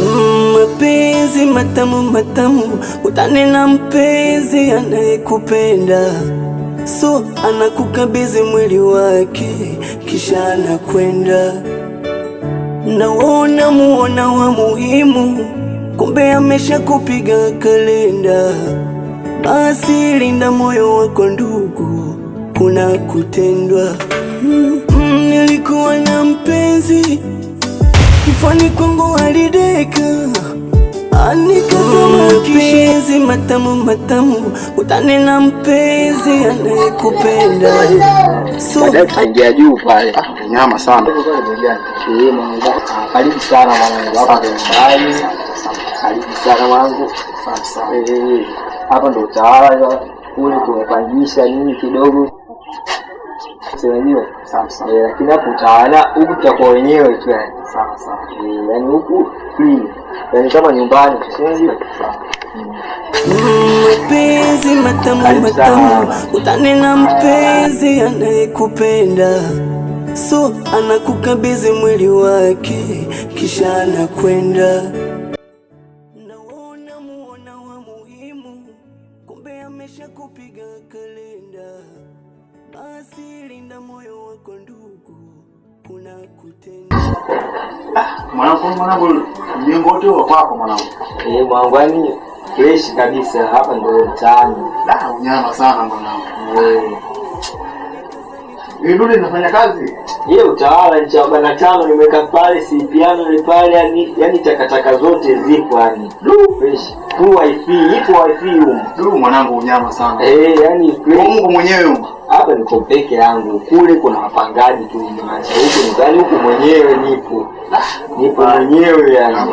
mm, mapenzi matamu matamu, utane na mpenzi anayekupenda, so anakukabidhi mwili wake kisha anakwenda na muona wa muhimu, kumbe ameshakupiga kalenda. Basi linda moyo wako ndugu, kuna kutendwa. Mm, mm, nilikuwa na mpenzi Kifani kwangu alideka anikazama mapenzi matamu matamu, utanena mpenzi anayekupenda kaingia juu pale, nyama sana karibu sana karibu sana wangu. Hapa ndo utawala ule tumepangisha nini kidogo binafsi wenyewe sawa sawa, yeah, lakini hapo utawala huku tutakuwa wenyewe tu yani, sawa sawa, yani huku free, yani kama nyumbani tusinzi mpenzi matamu matamu, utane na mpenzi anayekupenda so anakukabidhi mwili wake kisha anakwenda naona muona wa muhimu, kumbe ameshakupiga kale Basi linda moyo wako ndugu, kuna kutenda ah, mwanangu. Mwanangu, mjengo wote wa kwako mwanangu. Eh, mwanangu, yani fresh kabisa hapa, ndio mtaani. Da, unyama sana mwanangu. Eh. Nirudi nafanya kazi ile utawala nchi ya arobaini tano nimeweka pale piano ni pale yani, yani takataka zote zipo yani tu wifi ipo wifi huko. Du mwanangu unyama sana. Eh, yani Mungu mwenyewe Hapa niko peke yangu. Kule kuna wapangaji tu ni maisha huko ni huko mwenyewe nipo. Ah. Nipo mwenyewe yani.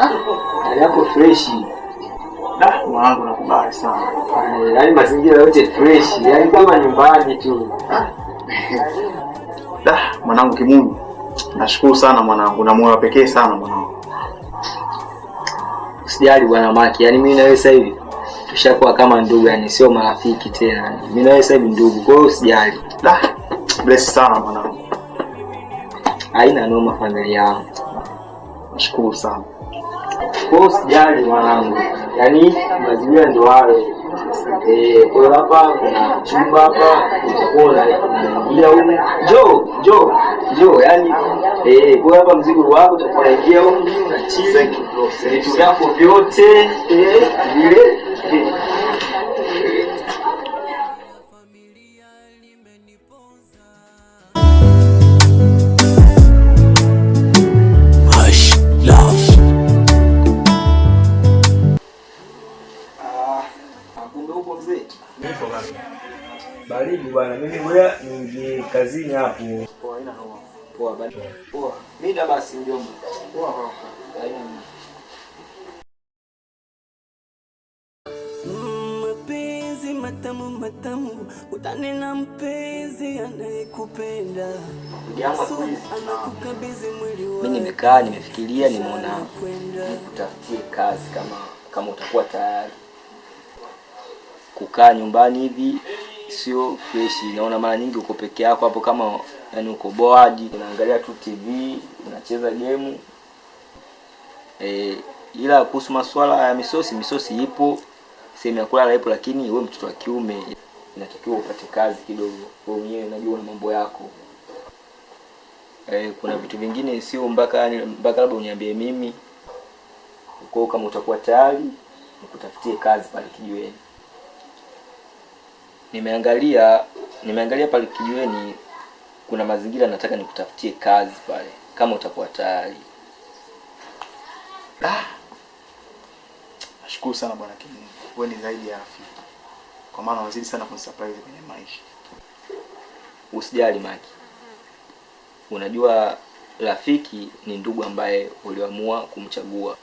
Ah. Hapo fresh. Mwanangu nakubali sana. Yaani mazingira yote fresh, yaani kama nyumbani tu. Da, mwanangu Kimungu. Nashukuru sana mwanangu, na moyo pekee sana mwanangu. Usijali bwana Maki, yaani mimi na wewe sasa hivi tushakuwa kama ndugu, yani sio marafiki tena. Mimi na wewe sasa hivi ndugu, kwa hiyo usijali. Da. Bless sana mwanangu. Haina noma familia yangu. Nashukuru sana. Kwa hiyo usijali mwanangu yani mazingira ndio hayo. Eh, kwa hapa kuna chumba hapa kuna kunaingia huko jo jo jo, yani eh, kwa hapa mzigo wako utakuwa ingia huko na chini vitu vyako vyote eh vile Baridi bwana, mimi ngoja kazini hapo. Poa, noma. Poa bwana. Poa. basi mjomba. Poa Haina noma. matamu matamu, utane na mpenzi anayekupenda. Mimi nimekaa nimefikiria, nimeona nikutafutie kazi kama kama utakuwa tayari kukaa nyumbani hivi sio fresh. Naona mara nyingi uko peke yako hapo, kama yani uko bored, unaangalia tu TV, unacheza game eh. Ila kuhusu masuala ya misosi, misosi ipo, sehemu ya kulala ipo, lakini wewe mtoto wa kiume inatakiwa upate kazi kidogo, wewe mwenyewe unajua na mambo yako eh. Kuna vitu vingine sio mpaka yani mpaka labda uniambie mimi, kwa kama utakuwa tayari nikutafutie kazi pale kijiweni nimeangalia nimeangalia pale kijiweni kuna mazingira nataka nikutafutie kazi pale kama utakuwa tayari. Ah. sana bwana Kidini. Wewe ni zaidi ya rafiki. Kwa maana wazidi sana kunsurprise kwenye maisha. Usijali Maki. Unajua rafiki ni ndugu ambaye uliamua kumchagua.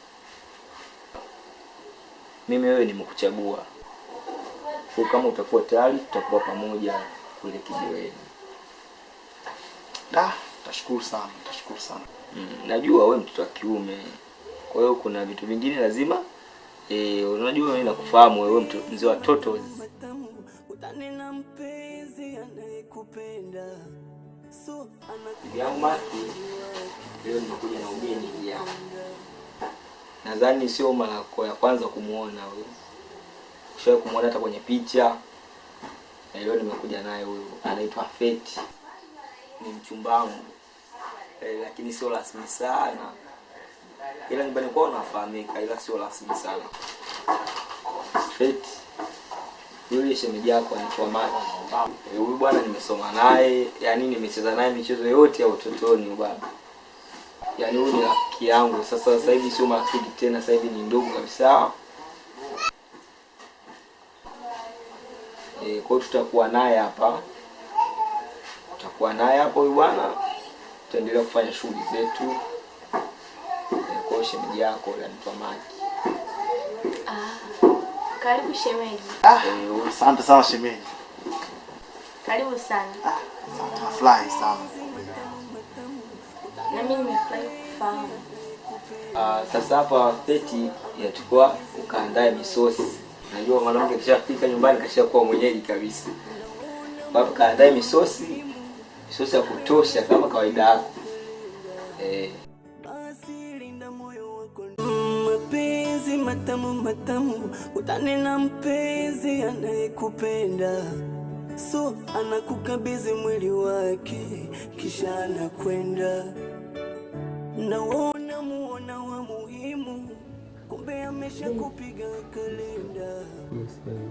Mimi wewe nimekuchagua. Kwa kama utakuwa tayari, tutakuwa pamoja kule kijiweni. Da, tashukuru sana, tashukuru sana. Mm, najua wewe mtoto wa kiume, kwa hiyo kuna vitu vingine lazima eh, unajua mimi nakufahamu wewe mtu mzee wa toto utanena mpenzi anayekupenda leo nimekuja na ugeni, nadhani sio mara ya kwanza kumwona wewe. Ushawahi kumwona hata kwenye picha. Na leo nimekuja naye huyu anaitwa Feti. Ni mchumba E, eh, lakini sio rasmi sana. Ila nyumbani kwao nafahamika ila sio rasmi sana. Feti. Yule shemeji yako anaitwa Maki. E, eh, huyu bwana nimesoma naye, yani nimecheza naye michezo yote ya utotoni bwana. Yaani huyu ni rafiki yangu. Sasa sasa hivi sio marafiki tena, sasa hivi ni ndugu kabisa. Kwa tutakuwa naye hapa, tutakuwa naye hapo huyu bwana, tutaendelea kufanya shughuli zetu. Kwa hiyo shemeji yako anaitwa Maki. Ah, karibu shemeji. Ah, asante sana shemeji. Karibu sana. Ah, asante, nafurahi sana. Na mimi nimefurahi kufahamu. Ah, sasa hapa Peti yatakuwa ukaandae misosi Najua mwanamke kishafika nyumbani kuwa mwenyeji kabisa. Kwa hivyo kaandae misosi, misosi ya kutosha kama kawaida yako. Eh. Mapenzi matamu matamu, utanena na mpenzi anayekupenda. So anakukabidhi mwili wake kisha anakwenda na nimeshakupiga kalenda,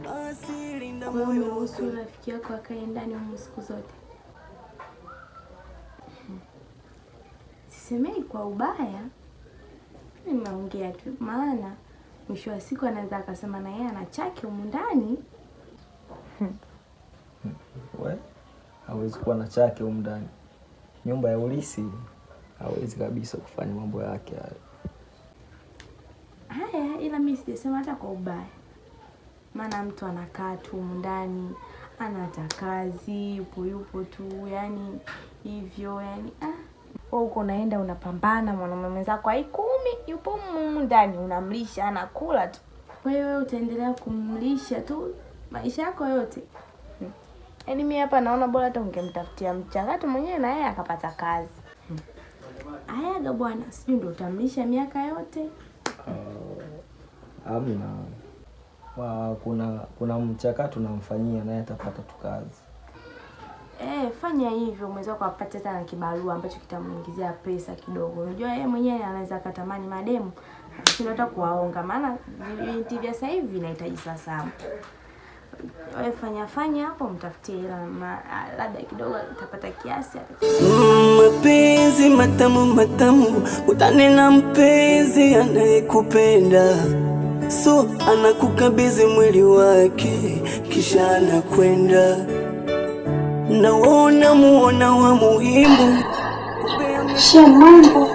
basi linda moyo wako. Rafiki yako akae ndani humu siku zote, sisemei kwa ubaya, nimeongea tu, maana mwisho wa siku anaweza akasema na yeye ana chake humu ndani. We hawezi kuwa na chake humu ndani, nyumba ya ulisi hawezi kabisa kufanya mambo yake hayo ila mi sijasema hata kwa ubaya, maana mtu anakaa tu ndani anata kazi, yupo yupo tu yani hivyo yani ah wewe uko unaenda unapambana, mwanaume mwenzako ai kumi yupo mumu ndani, unamlisha anakula tu. Kwa hiyo wewe utaendelea kumlisha tu maisha yako yote. Hmm. Yaani hmm. mimi hapa naona bora hata ungemtafutia mchakato mwenyewe na yeye akapata kazi. Hmm. Ayaga bwana, sijui ndo utamlisha miaka yote. Oh amna wa, kuna kuna mchakato namfanyia naye atapata tu kazi. Eh, fanya hivyo mwenzako apate hata na kibarua ambacho kitamuingizia pesa kidogo. Unajua yeye mwenyewe anaweza akatamani mademu sio hata kuwaonga, maana vinti vya sasa hivi vinahitaji sasa. Wewe fanya fanya hapo, mtafutie hela labda kidogo atapata kiasi. Mapenzi matamu matamu, utane na mpenzi anayekupenda So anakukabidhi mwili wake, kisha anakwenda Naona muona wa muhimu. mambo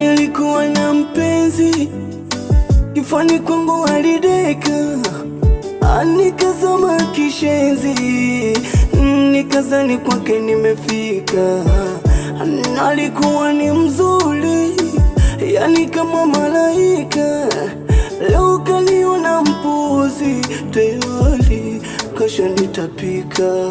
nilikuwa na mpenzi kifani kwangu alideka anikazama kishenzi kazani kwake nimefika. Alikuwa ni mzuri, yani kama malaika. Leo kaniona mpuzi, tayari kasha nitapika.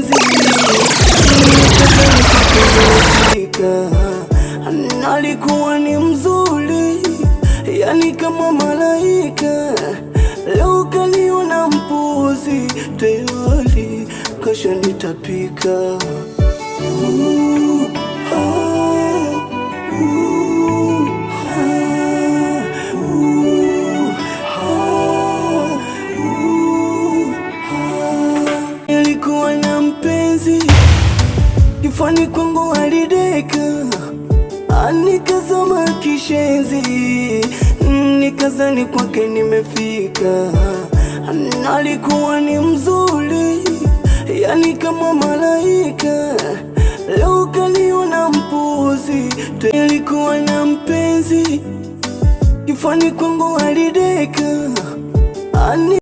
mapenzi ika alikuwa ni mzuri, yani kama malaika. Leo kaniona mpuzi tayari, kesho nitapika. kazani kwake nimefika. nalikuwa ni mzuri, yani kama malaika. Leo kaniona mpuzi, alikuwa na mpenzi, kifani kwangu alideka ani